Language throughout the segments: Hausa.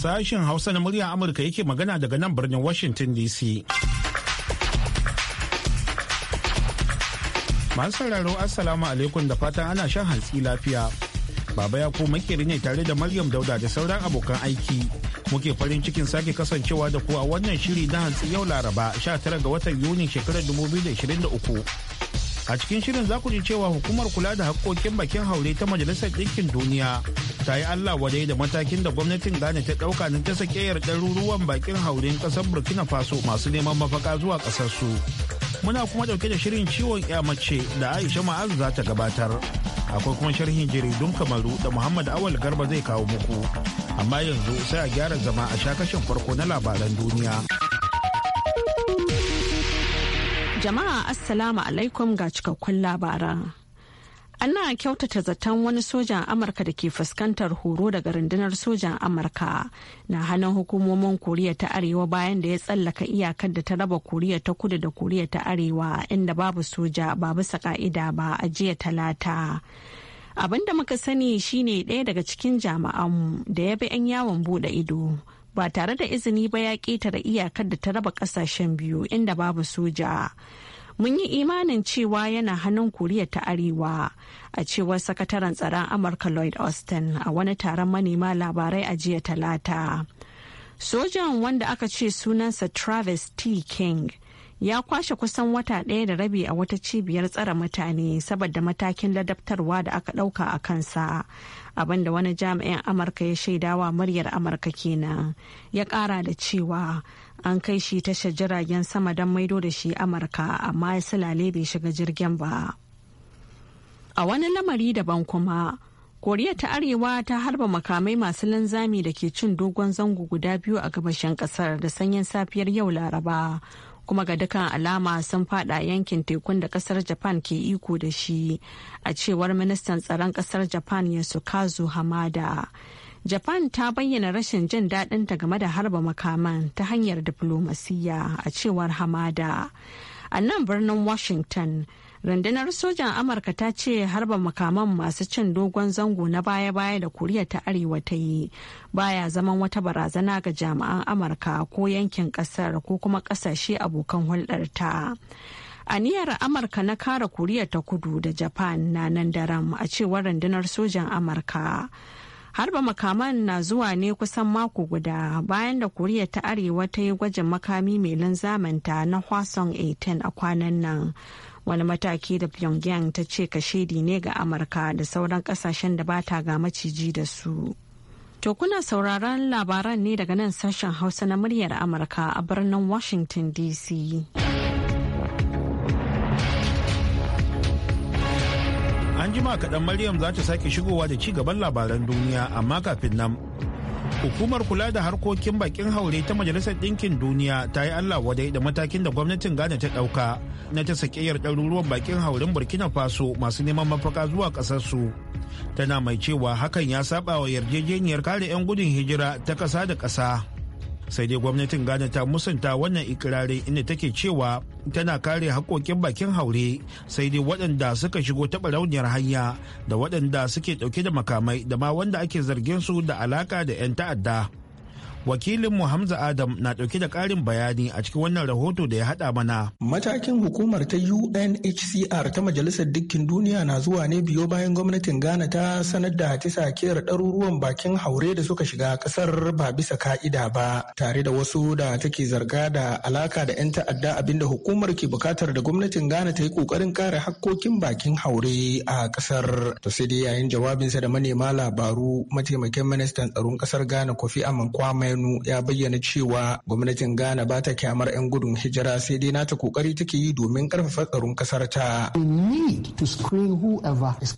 Sashen Hausa na muryar Amurka yake magana daga nan birnin Washington DC. Masu sauraro Assalamu alaikum da fatan ana shan hantsi lafiya. Baba ya ko makeri ne tare da Maryam Dauda da sauran abokan aiki. Muke farin cikin sake kasancewa da ku wannan shiri na hantsi yau Laraba 19 ga watan Yuni shekarar 2023. a cikin shirin za ku ji cewa hukumar kula da haƙƙoƙin bakin haure ta majalisar ɗinkin duniya ta yi allah wadai da matakin da gwamnatin ghana ta ɗauka na ta sakeyar ɗaruruwan bakin hauren ƙasar burkina faso masu neman mafaka zuwa ƙasarsu muna kuma ɗauke da shirin ciwon mace da aisha ma'azu za ta gabatar akwai kuma sharhin jaridun kamaru da muhammad awal garba zai kawo muku amma yanzu sai a gyara zama a shakashin farko na labaran duniya. Jama'a Assalamu alaikum ga cikakkun labaran. Ana kyautata zaton wani sojan Amurka da ke fuskantar horo daga rundunar sojan Amurka na hannun hukumomin Koriya ta Arewa bayan da ya tsallaka iyakar da ta raba Koriya ta Kudu da Koriya ta Arewa inda babu soja ba bisa ka'ida ba a jiya talata. Abin da muka sani shine ɗaya daga cikin jama'anmu da ya bi 'yan yawon buɗe ido. ba tare da izini ba ya ƙetare iyakar da ta raba ƙasashen biyu inda babu soja. Mun yi imanin cewa yana hannun Koriya ta Arewa, a cewar sakataren tsaron Amurka Lloyd Austin a wani taron manema labarai a jiya talata. Sojan wanda aka ce sunansa Travis T. King. ya kwashe kusan wata ɗaya da rabi a wata cibiyar tsare mutane saboda matakin ladabtarwa da aka ɗauka a kansa abinda wani jami'in amurka ya shaidawa muryar amurka kenan ya ƙara da cewa an kai shi tashar jiragen sama don maido da shi amurka amma ya silale bai shiga jirgin ba a wani lamari daban kuma koriya ta arewa ta harba makamai masu linzami da ke cin dogon zango guda biyu a gabashin kasar da sanyin safiyar yau laraba kuma ga dukkan alama sun fada yankin tekun da kasar japan ke iko da shi a cewar ministan tsaron kasar japan yasukazu hamada japan ta bayyana rashin jin daɗinta game da harba makaman ta hanyar diflomasiyya a cewar hamada a nan birnin washington rundunar sojan amurka ta ce harba makaman masu cin dogon zango na baya-baya da koriya ta arewa ta yi baya zaman wata barazana ga jami'an amurka ko yankin kasar ko kuma kasashe abokan hulɗarta aniyar amurka na kare koriya ta kudu da japan na nan daram a cewar rundunar sojan amurka harba makaman na zuwa ne kusan mako guda bayan da koriya ta arewa ta yi gwajin makami mai linzamanta na hwasong 18 a kwanan nan wani mataki da pyongyang ta ce kashedi ne ga amurka da sauran kasashen da bata ga maciji da su to kuna sauraron labaran ne daga nan sashen hausa na muryar amurka a birnin washington dc an jima kaɗan maryam za ta sake shigowa da ci gaban labaran duniya amma kafin nan Hukumar kula da harkokin bakin haure ta Majalisar Ɗinkin Duniya ta yi Allah wadai da matakin da gwamnatin Ghana ta ɗauka na ta sakiyar ɗaruruwan bakin haurin Burkina Faso masu neman mafaka zuwa ƙasarsu. Tana mai cewa hakan ya saba wa yarjejeniyar kare 'yan gudun hijira ta ƙasa da ƙasa. sai dai gwamnatin ghana ta musanta wannan ikirarin inda take cewa tana kare haƙoƙin bakin haure sai dai waɗanda suka shigo taɓa rauniyar hanya da waɗanda suke ɗauke da makamai da ma wanda ake zargin su da alaka da 'yan ta'adda wakilinmu hamza adam na ɗauke da ƙarin bayani a cikin wannan rahoto da ya haɗa mana matakin hukumar ta unhcr ta majalisar dukkin duniya na zuwa ne biyo bayan gwamnatin ghana ta sanar da tisa kiyar ɗaruruwan bakin haure da suka shiga ƙasar ba bisa ka'ida ba tare da wasu da take zarga da alaka da 'yan ta'adda abinda hukumar ke bukatar da gwamnatin ghana ta yi ƙoƙarin kare hakkokin bakin haure a ƙasar to sai dai yayin jawabinsa da manema labaru mataimakin ministan tsaron ƙasar ghana kofi amankwame Ayanu ya bayyana cewa gwamnatin Ghana ba ta kyamar 'yan gudun hijira sai dai nata kokari take yi domin karfafa tsaron kasar ta.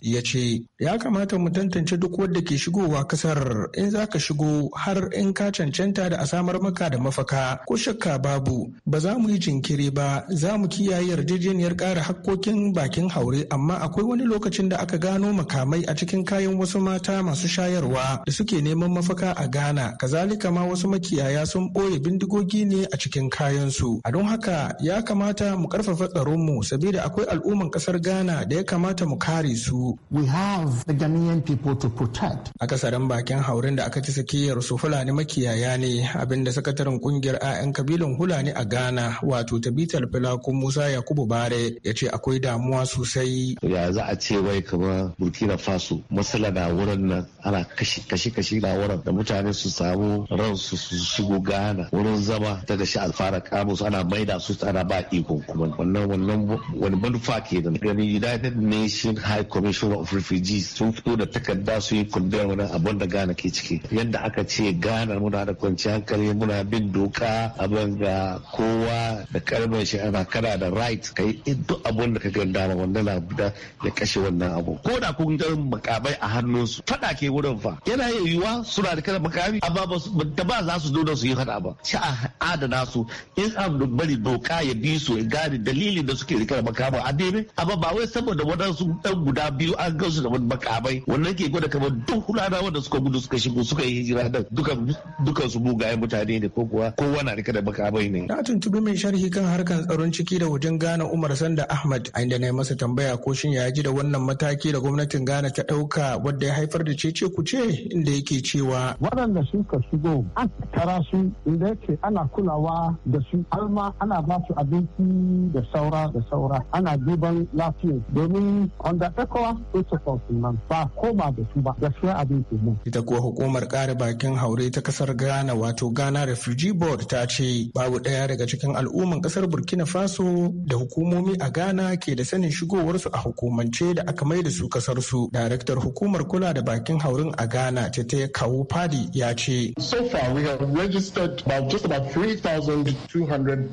Ya ce, ya kamata mu tantance duk wanda ke shigowa kasar in za ka shigo har in ka cancanta da a samar maka da mafaka ko shakka babu ba za mu yi jinkiri ba za mu kiyaye yarjejeniyar kare hakkokin bakin haure amma akwai wani lokacin da aka gano makamai a cikin kayan wasu mata masu shayarwa da suke neman mafaka a Ghana kazalika ma wasu makiyaya sun ɓoye bindigogi ne a cikin kayansu a don haka ya kamata mu karfafa mu. saboda akwai al'umman kasar ghana da ya kamata mu kare su we have the ghanaian people to protect akasarin bakin haurin da aka ci sakiyar su fulani makiyaya ne abinda sakataren kungiyar 'ya'yan kabilan hulani a ghana wato tabital filakun musa yakubu bare ya ce akwai damuwa sosai ya za a ce wai kamar burkina faso masala na wurin nan ana kashi kashi kashi na wurin da mutane su samu ran kansu su shigo gana wurin zama daga shi alfara kamus ana maida su ana ba iko kuma wannan wannan wani manufa ke da gani United Nations High Commission of Refugees sun fito da takarda su yi kundin wani abun da Ghana ke ciki yadda aka ce gana muna da kwanci hankali muna bin doka abin ga kowa da kalmar shi ana kana da right Ka yi duk abun da ka ga dama wannan na da ya kashe wannan abu ko da kun ga makamai a hannunsu fada ke wurin fa yana yiwuwa suna da kada makami amma ba da ba za su zo da su yi fada ba sai a adana su in an bari doka ya bi su ya gane dalilin da suke rikar da makama a daidai amma ba wai saboda wadansu dan guda biyu an gansu da wani makamai wannan ke gwada kamar duk hulana wanda suka gudu suka shigo suka yi hijira da dukan dukan su mugayen mutane ne ko kuwa kowa na rika da makamai ne na tuntubi mai sharhi kan harkan tsaron ciki da wajen gane Umar Sanda Ahmad a inda na yi masa tambaya ko shin ya ji da wannan mataki da gwamnatin Ghana ta dauka wadda ya haifar da cece kuce inda yake cewa waɗanda suka shigo an tara su inda yake ana kulawa da su alma ana ba su abinci da saura da saura ana duban lafiya domin wanda ekowa protocol nan ba koma da su ba gaskiya ya abinci mu. ita kuwa hukumar kare bakin haure ta kasar ghana wato ghana refugee board ta ce babu ɗaya daga cikin al'umman kasar burkina faso da hukumomi a ghana ke da sanin shigowarsu a hukumance da aka mai da su kasar su daraktar hukumar kula da bakin haurin a ghana ta ta kawo fadi ya ce. so far we have registered about just about 3,200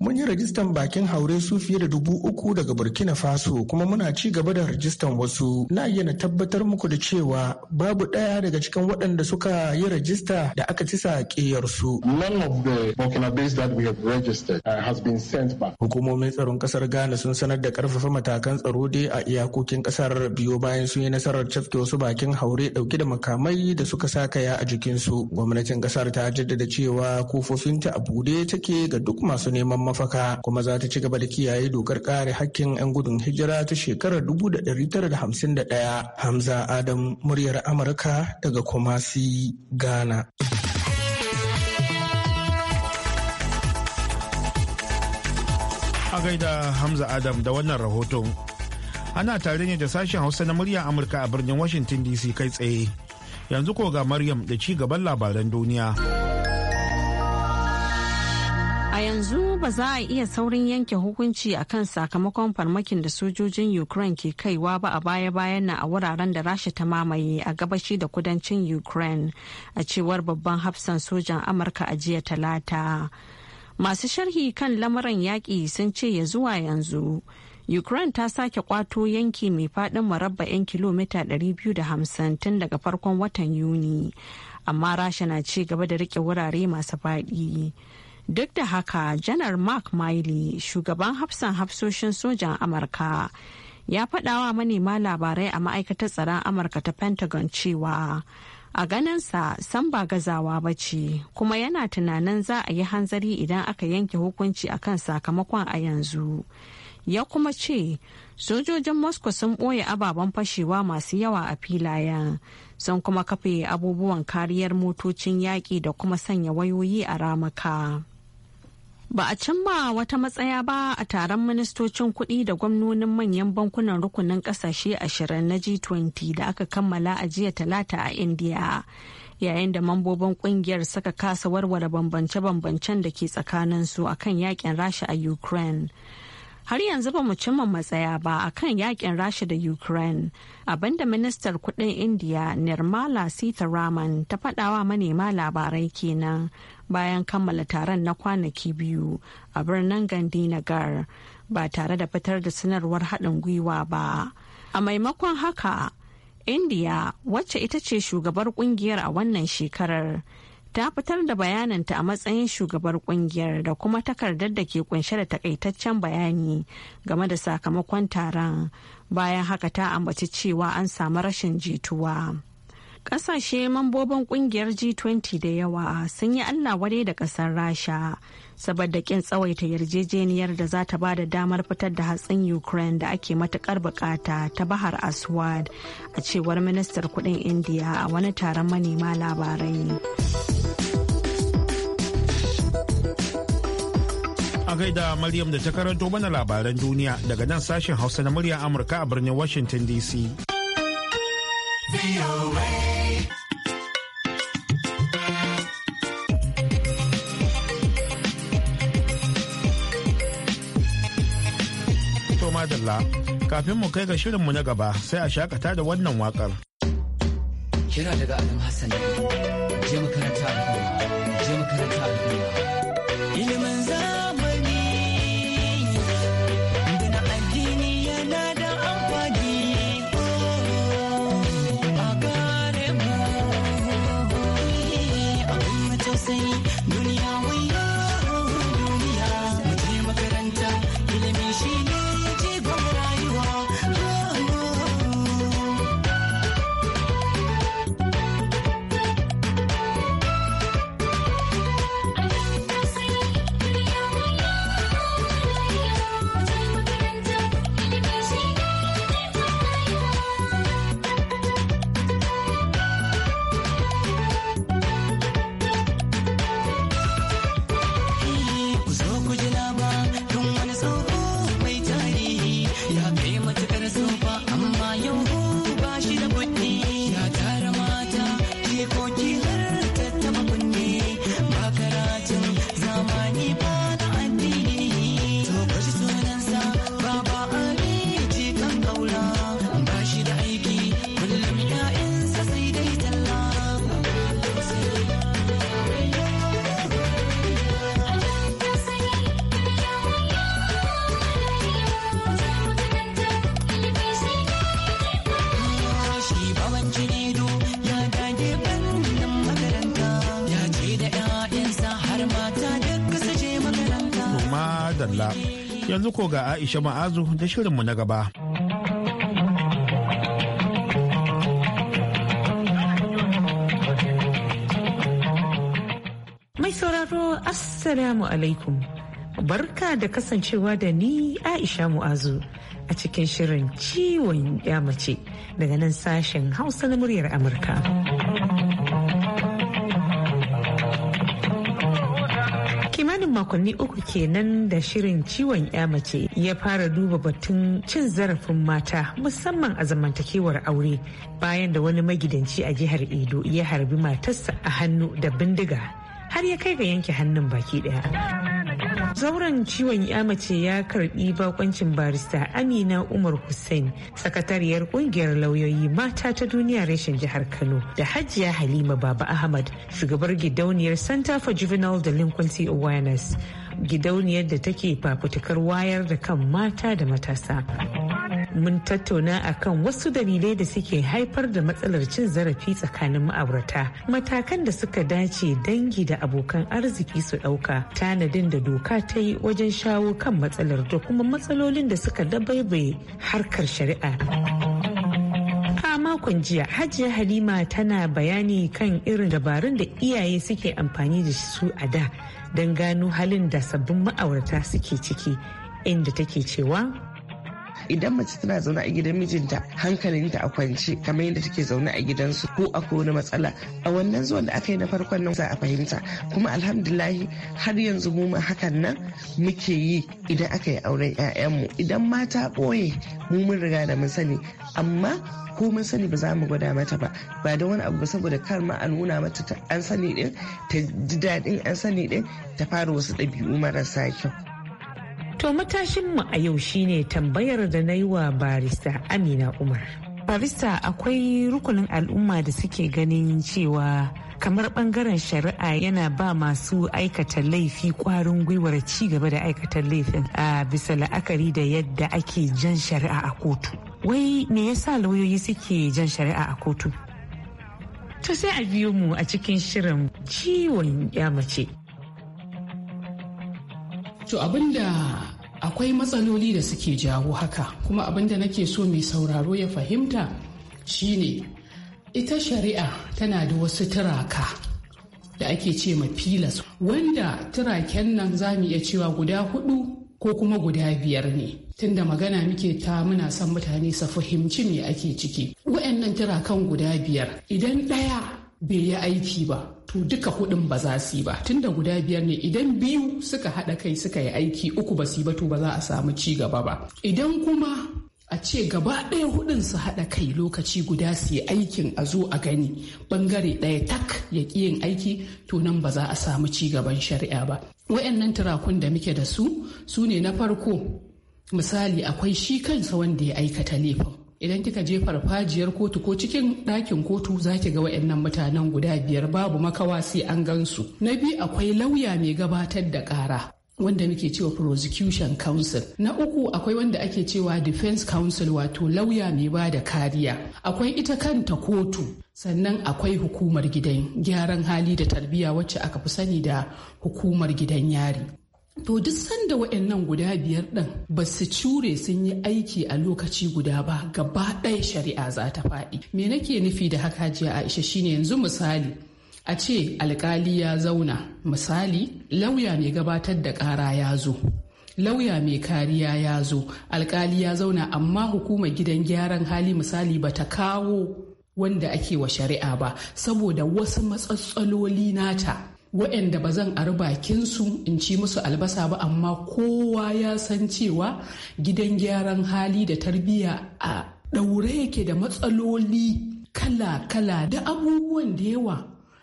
Mun yi rajistan bakin haure su fiye da dubu uku daga Burkina Faso kuma muna ci gaba da rajistan wasu. Na iya na tabbatar muku da cewa babu ɗaya daga cikin waɗanda suka yi rajista da aka ci su. None of the Burkinabes that we have registered uh, has been sent back. Hukumomin tsaron ƙasar Ghana sun sanar da ƙarfafa matakan tsaro dai a iyakokin kasar biyo bayan sun yi nasarar cafke wasu bakin haure ɗauke da makamai da suka sakaya a jikinsu. Gwamnati gwamnatin kasar ta jaddada cewa kofofinta a bude take ga duk masu neman mafaka kuma za ta ci gaba da kiyaye dokar kare hakkin 'yan gudun hijira ta shekarar 1951 hamza adam muryar amurka daga kumasi ghana a gaida hamza adam da wannan rahoton ana tare ne da sashen hausa na murya amurka a birnin washington dc kai tsaye yanzu ko ga Maryam da ci gaban labaran duniya. A yanzu ba za a iya saurin yanke hukunci akan sakamakon farmakin da sojojin Ukraine ke kaiwa ba a baya-bayan na a wuraren da Rasha ta mamaye a gabashi da kudancin Ukraine a cewar babban hafsan sojan Amurka a jiya talata. Masu sharhi kan lamarin yaƙi sun ce ya zuwa yanzu. Ukraine ta sake kwato yanki mai faɗin marabba'in kilomita 250 tun daga farkon watan Yuni, amma Rasha na ci gaba da rike wurare masu faɗi. Duk da haka, Janar Mark Miley, shugaban hafsan hafsoshin sojan Amurka, ya faɗawa manema labarai a ma'aikatar tsaron Amurka ta Pentagon cewa a ganinsa san ba gazawa ba ce kuma yana tunanin za a yi hanzari idan aka yanke hukunci akan sakamakon a yanzu. ya kuma ce sojojin moscow sun ɓoye ababen fashewa masu yawa a filayen sun kuma kafe abubuwan kariyar motocin yaƙi da kuma sanya wayoyi a ramuka ba a cimma wata matsaya ba a taron ministocin kuɗi da gwamnonin manyan bankunan rukunin ƙasashe ashirin na g20 da aka kammala a jiya talata a india yayin da mambobin kungiyar suka kasa warware bambance-bambancen da ke tsakanin tsakaninsu akan yakin rasha a ukraine har yanzu ba mu cimma matsaya ba a kan yakin rasha da ukraine abinda ministar kudin india nirmala sitaraman ta fadawa manema labarai kenan bayan kammala taron na kwanaki biyu a birnin gandhinagar ba tare da fitar da sanarwar haɗin gwiwa ba a maimakon haka india wacce ita ce shugabar kungiyar a wannan shekarar ta fitar da bayananta a matsayin shugabar kungiyar da kuma takardar da ke kunshe da takaitaccen bayani game da sakamakon taron bayan haka ta ambaci cewa an samu rashin jituwa. ƙasashe mambobin kungiyar G20 da yawa sun yi Allah wadai da ƙasar Rasha saboda kin tsawaita yarjejeniyar da za ta bada damar fitar da hatsin ukraine da ake matukar bukata ta bahar aswad a cewar ministar kudin india a wani taron manema labarai a gaida maryam da ta karanto mana labaran duniya daga nan sashen hausa na murya amurka a birnin washington dc madalla kafin mu kai ga shirin mu na gaba sai a shakata da wannan wakar. Kira daga Adam Hassan, je makaranta. Yanzu ko ga Aisha Ma'azu da shirinmu na gaba. Mai sauraro Assalamu alaikum. Barka da kasancewa da ni Aisha Mu'azu a cikin shirin ciwon ya mace daga nan sashen Hausa na muryar Amurka. makonni uku kenan da shirin ciwon ya mace ya fara duba batun cin zarafin mata musamman a zamantakewar aure bayan da wani magidanci a jihar edo ya harbi matarsa a hannu da bindiga har ya kai ga yanke hannun baki daya. Zauren ciwon ya mace ya karbi bakoncin barista Amina Umar Hussein, sakatariyar kungiyar lauyoyi mata ta duniya rashin jihar Kano da Hajiya Halima Baba Ahmad, shugabar gidauniyar Center for Juvenile Delinquency Awareness, gidauniyar da take fafutukar wayar da kan mata da matasa. mun tattauna akan wasu dalilai da suke haifar da matsalar cin zarafi tsakanin ma'aurata matakan da suka dace dangi da abokan arziki su ɗauka tanadin da doka ta yi wajen shawo kan matsalar da kuma matsalolin da suka dabaibaye harkar shari'a. makon jiya hajiya halima tana bayani kan irin dabarun da iyaye suke amfani da su a da don gano halin da sabbin ma'aurata suke ciki inda take cewa idan mace tana zaune a gidan mijinta hankalinta a kwance kamar yadda take zaune a gidansu ko a wani matsala a wannan zuwan da aka yi na farkon nan za a fahimta kuma alhamdulahi har yanzu mu ma hakan nan muke yi idan aka yi auren mu. idan mata ɓoye mu mun riga da mun sani amma ko mun sani ba za mu gwada mata ba ba da wani abu ba saboda kar ma a nuna mata an sani din ta ji daɗin an sani din ta fara wasu ɗabi'u marasa kyau To matashinmu a yau shine tambayar da na yi wa barista Amina Umar. Barista akwai rukunin al'umma da suke ganin cewa kamar bangaren shari'a yana ba masu aikata laifi kwarin gwiwar ci gaba da aikata laifin a bisa la'akari da yadda ake jan shari'a a kotu. Wai me yasa lauyoyi suke jan shari'a a kotu? To sai a biyo mu a cikin shirin ciwon ya mace. To abinda akwai matsaloli da suke jawo haka kuma abin da nake so mai sauraro ya fahimta shine ita shari'a tana da wasu turaka da ake ce ma filas wanda turaken nan za mu iya cewa guda hudu ko kuma guda biyar ne tunda magana muke ta muna son mutane su fahimci me ake ciki wa'annan turakan guda biyar idan ɗaya bai yi aiki ba to duka hudun ba za su yi ba tunda guda biyar ne idan biyu suka haɗa kai suka yi aiki uku ba su yi ba to ba za a samu ci gaba ba idan kuma a ce gaba ɗaya hudun su haɗa kai lokaci guda su yi aikin a zo a gani bangare ɗaya tak ya ƙi yin aiki to nan ba za a samu ci gaban shari'a ba wayannan turakun da muke da su su ne na farko misali akwai shi kansa wanda ya aikata laifin idan kika je farfajiyar kotu ko cikin ɗakin kotu za ki ga wayannan mutanen guda biyar babu makawa sai an gansu na biyu akwai lauya mai gabatar da ƙara wanda muke cewa prosecution council na uku akwai wanda ake cewa defense council wato lauya mai ba da kariya akwai ita kanta kotu sannan akwai hukumar gidan gyaran hali da tarbiyya wacce aka fi sani da hukumar gidan yari To duk sanda wa'annan guda biyar ɗin ba su cure sun yi aiki a lokaci guda ba gaba ɗaya shari'a za ta faɗi. Me nake nufi da haka jiya Aisha shine yanzu misali a ce alkali ya zauna misali lauya mai gabatar da ƙara ya zo. lauya mai kariya ya zo alkali ya zauna amma hukumar gidan gyaran hali misali bata kawo wanda ake wa shari'a ba saboda wasu matsatsaloli nata waɗanda ba zan ari bakinsu in ci musu albasa ba amma kowa ya san cewa gidan gyaran hali da tarbiyya a ɗaure yake da matsaloli kala-kala da abubuwan da yawa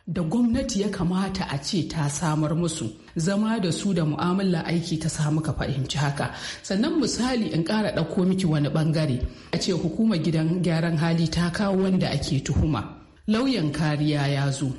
da gwamnati ya kamata a ce ta samar musu zama da su da mu'amala aiki ta samu ka fahimci haka sannan misali in ƙara ɗauko miki wani ɓangare a ce hukumar gidan gyaran hali ta kawo wanda ake tuhuma lauyan kariya ya zo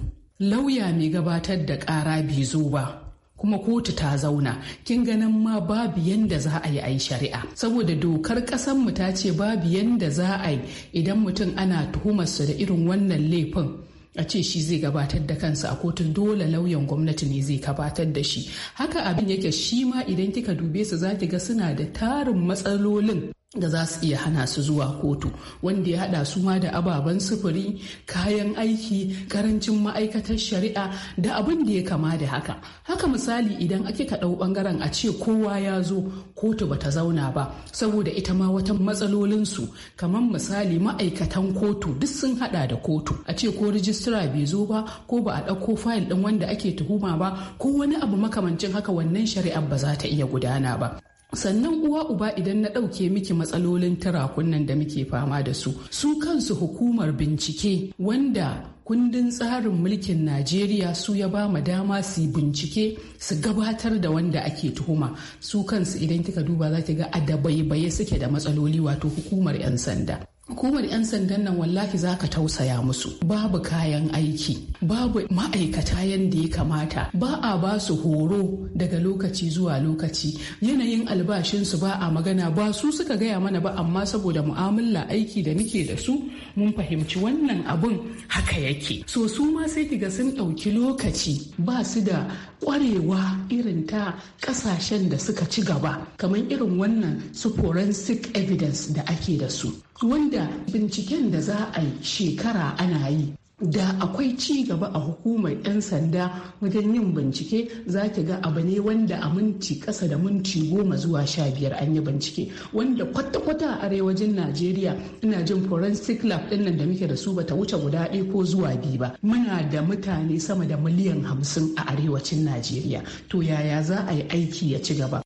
lauya mai gabatar da ƙara bai zo ba kuma kotu ta zauna kin ganin ma babu yanda za a yi a yi shari'a saboda dokar ƙasanmu ta ce babu yanda za a yi idan mutum ana tuhumarsa da irin wannan laifin a ce shi zai gabatar da kansa a kotun dole lauyan gwamnati ne zai gabatar da shi haka abin yake shi ma idan kika dube su za ga suna da tarin matsalolin da za su iya hana su zuwa kotu wanda ya hada su ma da ababen sufuri kayan aiki karancin ma'aikatar shari'a da abin da ya kama da haka haka misali idan ake ka ɗau bangaren a ce kowa ya zo kotu bata zauna ba saboda ita ma wata matsalolin su kamar misali ma'aikatan kotu duk sun hada da kotu a ce ko rijistira bai zo ba ko ba a ɗauko fayil ɗin wanda ake tuhuma ba ko wani abu makamancin haka wannan shari'ar ba za ta iya gudana ba sannan uwa uba idan na ɗauke miki matsalolin tarakunan da muke fama da su su kansu hukumar bincike wanda kundin tsarin mulkin najeriya su ya ba dama su bincike su gabatar da wanda ake tuhuma su kansu idan kika duba za ga a dabaibaye suke da matsaloli wato hukumar 'yan sanda hukumar 'yan sandan nan wallahi za ka tausaya musu babu kayan aiki babu ma'aikata yadda ya kamata ba a ba su horo daga lokaci zuwa lokaci yanayin albashinsu ba a magana ba su suka gaya mana ba amma saboda mu'amala aiki da muke da su mun fahimci wannan abun haka yake so su ma sai kiga sun ɗauki lokaci ba su da ƙwarewa irin ta ƙasashen da suka ci gaba kamar irin wannan su forensic evidence da ake da su wanda binciken da za a yi shekara ana yi da akwai ci gaba a hukumar 'yan sanda wajen yin bincike za ki ga abu ne wanda a minti kasa da minti goma zuwa sha biyar an yi bincike wanda kwata-kwata a arewacin najeriya ina jin forensic lab din nan da muke da su bata wuce guda ɗaya ko zuwa biyu ba muna da mutane sama da miliyan hamsin a arewacin najeriya to yaya za a yi aiki ya ci gaba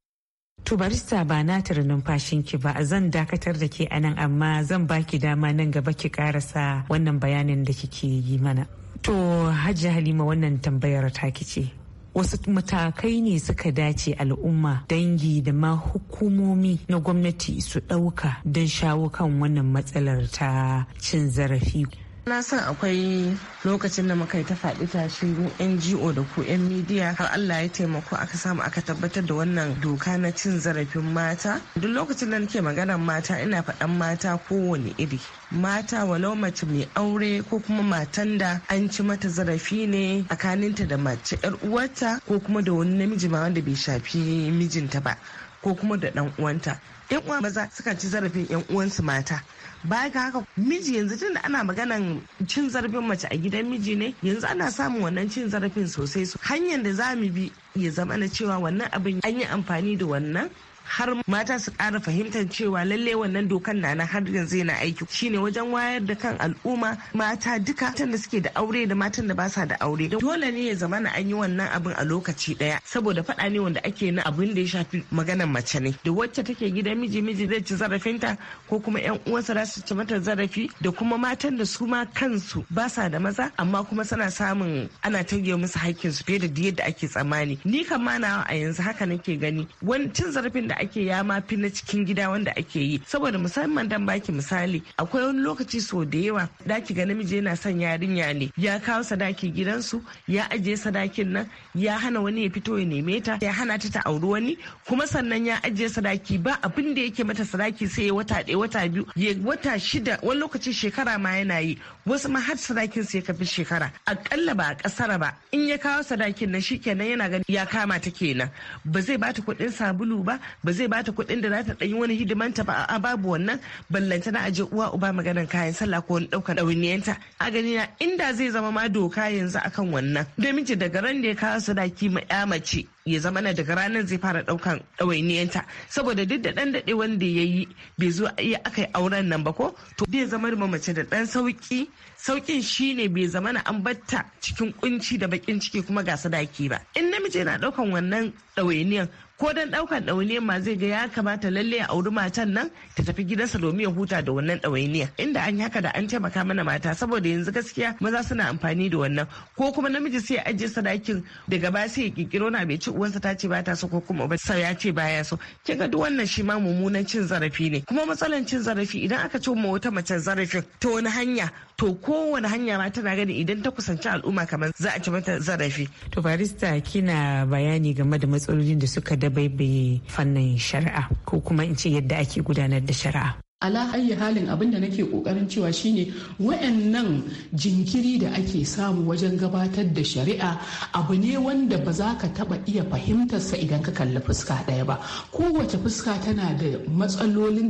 To barista ba na tara numfashinki ba zan dakatar da ke nan amma zan baki dama nan gaba ki karasa wannan bayanin da kike yi mana. To Hajji Halima wannan tambayar ta ce. Wasu matakai ne suka dace al'umma dangi da ma hukumomi na gwamnati su ɗauka don shawo kan wannan matsalar ta cin zarafi. na san akwai lokacin da muka yi ta faɗi tashi mu ngo da ku yan midiya har allah ya taimako aka samu aka tabbatar da wannan doka na cin zarafin mata duk lokacin da nake maganar mata ina faɗan mata kowane iri mata walau mace mai aure ko kuma matan da an ci mata zarafi ne tsakaninta da mace 'yar uwarta ko kuma da wani namiji ma wanda bai shafi mijinta ba ko kuma da dan uwanta yan uwa maza suka ci zarafin yan uwansu mata baya ga haka miji yanzu tun da ana maganan cin zarafin mace a gidan miji ne yanzu ana samun wannan cin zarafin sosai su hanyar da za mu bi ya zama na cewa wannan abin an yi amfani da wannan har mata su ƙara fahimtar cewa lalle wannan dokan na har yanzu yana aiki shine wajen wayar da kan al'umma mata duka matan da suke da aure da matan da ba sa da aure dole ne ya zama na an yi wannan abin a lokaci daya saboda faɗa ne wanda ake na abin da ya shafi maganar mace ne da wacce take gidan miji miji zai ci zarafinta ko kuma yan uwansa za su ci mata zarafi da kuma matan da su ma kansu ba sa da maza amma kuma suna samun ana tage musu haƙƙinsu fiye da yadda ake tsammani ni kan ma na a yanzu haka nake gani wani cin zarafin da da ake ya ma fi na cikin gida wanda ake yi saboda musamman dan baki misali akwai wani lokaci so da yawa daki ga namiji yana son yarinya ne ya kawo sadaki gidansu ya ajiye sadakin nan ya hana wani ya fito ya neme ta ya hana ta ta auri wani kuma sannan ya ajiye sadaki ba abin da yake mata sadaki sai ya wata ɗaya wata biyu ya wata shida wani lokaci shekara ma yana yi wasu ma har sadakin sai ka fi shekara akalla ba a kasara ba in ya kawo sadakin nan kenan yana gani ya kama ta kenan ba zai bata kuɗin sabulu ba ba zai bata kuɗin da za ta ɗanyi wani hidimanta ba a babu wannan ballanta na aje uwa uba maganan kayan sallah ko wani ɗaukar ɗawainiyanta a gani na inda zai zama ma doka yanzu akan wannan domin daga ran da ya kawo sadaki ma ya mace ya zama na daga ranar zai fara ɗaukan ɗawainiyanta saboda duk da ɗan daɗe wanda ya yi bai zo iya aka yi auren nan ba ko to zai zama ma mace da ɗan sauki saukin shine bai zama na an batta cikin kunci da bakin ciki kuma ga sadaki ba in namiji yana ɗaukan wannan ɗawainiyan ko dan ɗaukar ɗawainiyar ma zai ga ya kamata lalle ya auri matan nan ta tafi gidansa domin ya huta da wannan ɗawainiyar inda an yi haka da an taimaka mana mata saboda yanzu gaskiya maza suna amfani da wannan ko kuma namiji sai ya ajiye sadakin daga baya sai ya kirkiro na bai ci uwansa ta ce ba ta so ko kuma ba ya ce baya so kin ga duk wannan shi ma mummunan cin zarafi ne kuma matsalan cin zarafi idan aka ci wata mace zarafin ta wani hanya to kowane hanya ma tana gani idan ta kusanci al'umma kamar za a ci mata zarafi. To barista kina bayani game da matsalolin da suka dabaibaye fannin shari'a ko kuma in ce yadda ake gudanar da shari'a. ala ayi halin abin da nake kokarin cewa shine waɗannan jinkiri da ake samu wajen gabatar da shari'a abu ne wanda ba za ka taba iya fahimtarsa idan ka kalli fuska ɗaya ba kowace fuska tana da matsalolin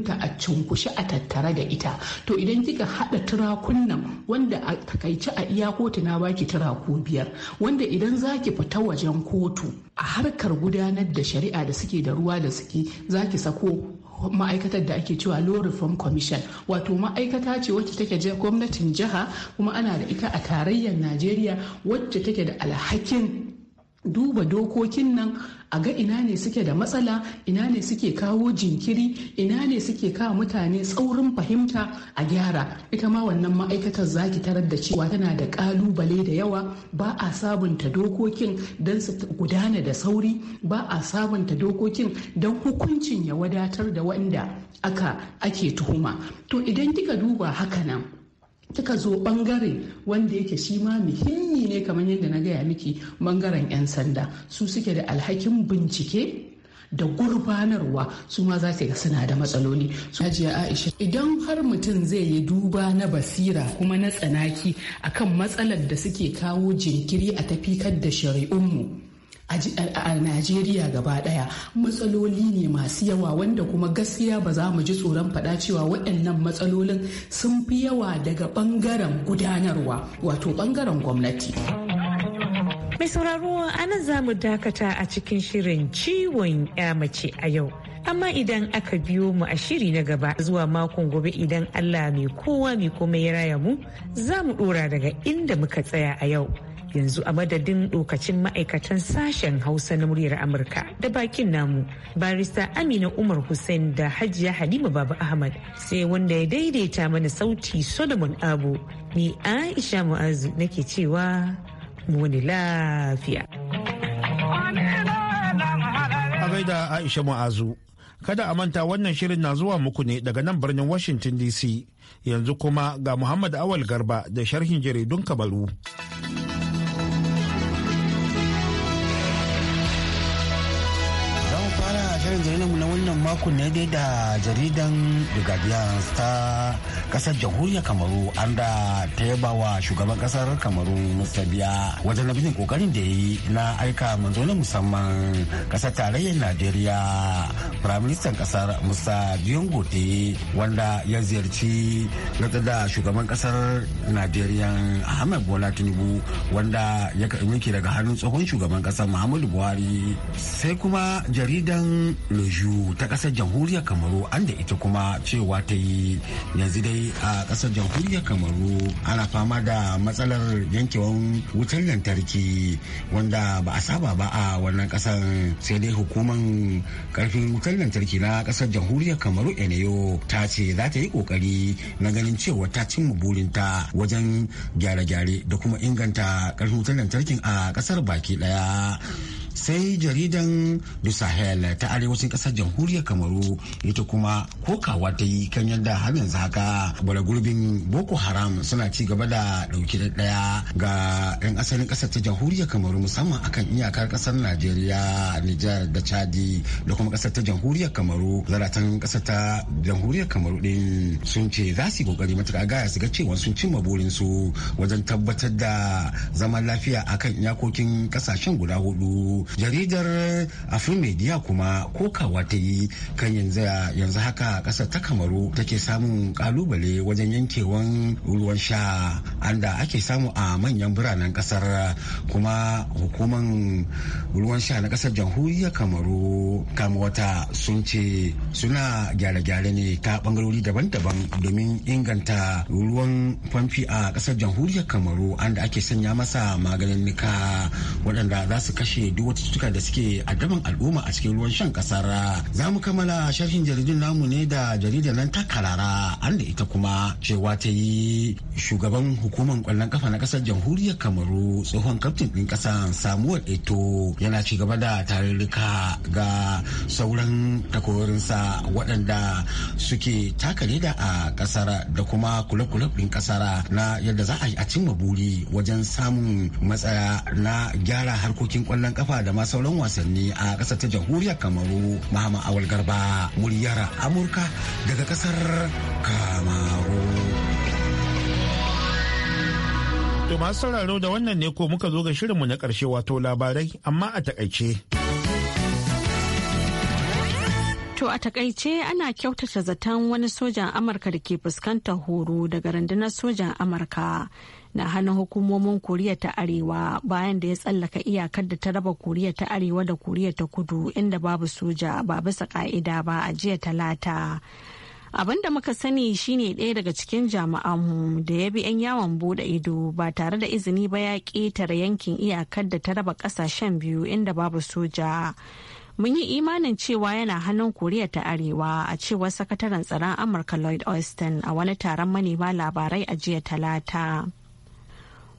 matsalolinta a cunkushe a tattare da ita to idan kika haɗa turakun nan wanda a takaice a iya kotu na baki turaku biyar wanda idan za ki fita wajen kotu a harkar gudanar da shari'a da suke da ruwa da suke za ki sako ma'aikatar da ake cewa law reform commission wato ma'aikata ce wacce take je gwamnatin jiha kuma ana da ita a tarayyar najeriya wacce take da alhakin duba dokokin nan a ga ina ne suke da matsala ina ne suke kawo jinkiri ina ne suke kawo mutane tsaurin fahimta a gyara ita ma wannan ma'aikatar zaki tarar da cewa tana da kalubale da yawa ba a sabunta dokokin don su gudana da sauri ba a sabunta dokokin don hukuncin ya wadatar da wanda aka ake tuhuma to idan kika duba haka nan kika zo bangare wanda yake shi ma muhimmi ne kamar yadda na gaya miki bangaren 'yan sanda su suke da alhakin bincike da gurbanarwa su ma za su ga suna da matsaloli su ajiya aisha idan har mutum zai yi duba na basira kuma na tsanaki akan matsalar da suke kawo jinkiri a tafikar da shari'unmu a Najeriya gaba daya matsaloli ne masu yawa wanda kuma gaskiya ba za mu ji tsoron faɗa cewa waɗannan matsalolin sun fi yawa daga ɓangaren gudanarwa wato ɓangaren gwamnati. Mai sauraro anan za mu dakata a cikin shirin ciwon ya mace a yau. amma idan aka biyo mu a shiri na gaba zuwa makon gobe idan Allah mai kowa mai komai ya raya mu za mu dora daga inda muka tsaya a yau yanzu a madadin lokacin ma'aikatan sashen hausa na muryar amurka da bakin namu barista amina umar hussein da hajiya halima baba ahmad sai wanda ya daidaita mana sauti solomon abu ni aisha mu'azu nake cewa mu wani lafiya a gaida aisha mu'azu kada a manta wannan shirin na zuwa muku ne daga nan birnin washington dc yanzu kuma ga muhammad awal garba da sharhin jaridun kabaru. shirin jaridar mu na wannan makon ne dai da jaridan The Guardian ta kasar jamhuriyar Kamaru an da ta yaba wa shugaban kasar Kamaru Musta Biya wajen nabijin kokarin da ya yi na aika manzo na musamman kasar tarayyar Najeriya Firaministan kasar Musa Biyon Gote wanda ya ziyarci na da shugaban kasar Najeriya Ahmed Bola Tinubu wanda ya karɓi daga hannun tsohon shugaban kasar Muhammadu Buhari sai kuma jaridan loju ta kasar jamhuriyar kamaru an da ita kuma cewa ta yi yanzu dai a kasar jamhuriyar kamaru ana fama da matsalar yankewan wutar lantarki wanda ba a saba ba a wannan kasar sai dai hukumar karfin wutar lantarki na kasar jamhuriyar kamaru eneyo ta ce za ta yi kokari na ganin cewa ta cimma burinta wajen gyare-gyare da kuma inganta karfin wutar lantarki a kasar baki daya sai jaridan du sahel ta arewacin kasar jamhuriyar kamaru ita kuma kokawa ta yi kan yadda har yanzu haka bala gurbin boko haram suna ci gaba da dauki da daya ga yan asalin kasar ta jamhuriyar kamaru musamman akan iyakar kasar najeriya nijar da chadi da kuma kasar ta jamhuriyar kamaru zaratan kasar ta jamhuriyar kamaru din sun ce za su yi kokari matuƙa gaya su ga cewa sun cimma burinsu wajen tabbatar da zaman lafiya akan iyakokin kasashen guda hudu jaridar uh, afrimedia kuma kokawa ta yi kan uh, yanzu haka ƙasar ta kamaru take samun kalubale wajen yankewan ruwan sha anda ake samu a manyan biranen ƙasar uh, kuma hukuman ruwan sha na ƙasar jamhuriyar kamaru kama wata sun ce suna gyare-gyare ne ta bangarori daban-daban domin inganta ruwan famfi a ƙasar jamhuriyar kamaru anda ake sanya masa maganin nika waɗanda za su kashe duk cututtuka da suke addaban al'umma a cikin ruwan shan kasar za mu kammala sharhin jaridun namu ne da jaridar nan ta karara an da ita kuma cewa ta yi shugaban hukumar kwallon kafa na kasar jamhuriyar kamaru tsohon kaftin din kasa samuwar eto yana ci gaba da tarurruka ga sauran takwarorinsa waɗanda suke taka leda a kasar da kuma kule-kule din kasar na yadda za a yi a cimma buri wajen samun matsaya na gyara harkokin kwallon kafa da ma sauran wasanni a ƙasar ta jamhuriyar kamaru mahama awal garba muryar amurka daga ƙasar kamaru to masu sauraro da wannan ne ko muka zo ga shirinmu na ƙarshe wato labarai amma a takaice. To a takaice ana kyautata zaton wani sojan Amurka da ke fuskantar horo daga rundunar sojan Amurka na hannun hukumomin Koriya ta Arewa bayan da ya tsallaka iyakar da ta raba Koriya ta Arewa da Koriya ta Kudu inda babu soja ba bisa ka'ida ba a jiya talata. Abin da muka sani shine ɗaya daga cikin jami'anmu da ya bi 'yan yawon bude ido ba tare da izini ba ya ƙetare yankin iyakar da ta raba ƙasashen biyu inda babu soja. mun yi imanin cewa yana hannun koriya ta arewa a cewar sakataren tsaron amurka lloyd austin a wani taron manema labarai a jiya talata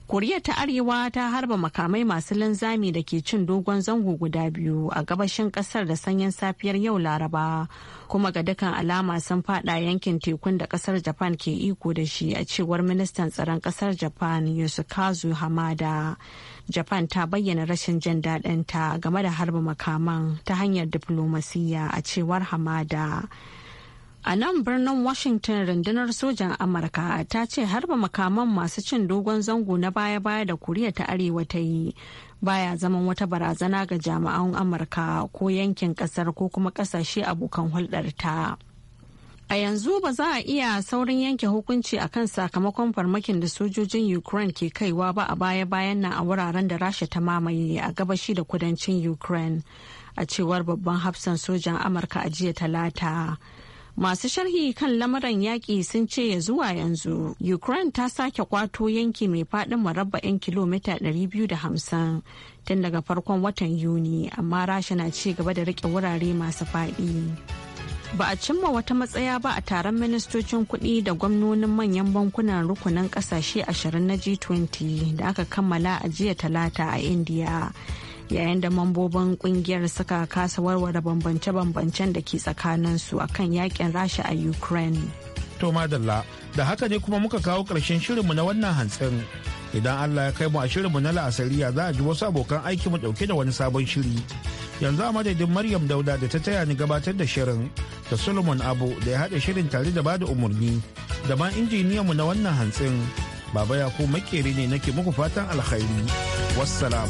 koriya ta arewa ta harba makamai masu linzami da ke cin dogon zango guda biyu a gabashin kasar da sanyin safiyar yau laraba kuma ga dukkan alama sun fada yankin tekun da kasar japan ke iko da shi a cewar ministan tsaron kasar japan yosukazu hamada japan ta bayyana rashin jin daɗinta game da harba makaman ta hanyar diflomasiyya a cewar hamada A nan birnin Washington rundunar sojan Amurka ta ce harba makaman masu cin dogon zango na baya-baya da Koriya ta Arewa ta yi baya zaman wata barazana ga jami'an Amurka ko yankin kasar ko kuma kasashe abokan hulɗarta. A yanzu ba za a iya saurin yanke hukunci a kan sakamakon farmakin da sojojin Ukraine ke kaiwa ba a baya-bayan nan a wuraren da Rasha ta mamaye a gabashi da kudancin Ukraine, a cewar babban hafsan sojan Amurka a jiya talata. Masu sharhi kan lamuran yaƙi sun ce ya zuwa yanzu, Ukraine ta sake kwato yanki mai faɗin marabba'in kilomita 250 tun daga farkon watan Yuni, amma Rasha na ci gaba da riƙe wurare masu faɗi. Ba a cimma wata matsaya ba a taron ministocin kuɗi da gwamnonin manyan bankunan rukunin ƙasashe 20 na G20 da aka kammala a jiya talata a india. yayin da mambobin kungiyar suka kasa warware bambance-bambancen da ke tsakaninsu kan yakin rasha a ukraine to madalla da haka ne kuma muka kawo karshen shirinmu na wannan hantsin idan allah ya kai mu a shirinmu na la'asariya za a ji wasu abokan aiki mu ɗauke da wani sabon shiri yanzu a madadin maryam dauda da ta taya ni gabatar da shirin da solomon abu da ya haɗa shirin tare da bada umarni da ma injiniyanmu na wannan hantsin baba yakubu makeri ne nake muku fatan alkhairi wassalam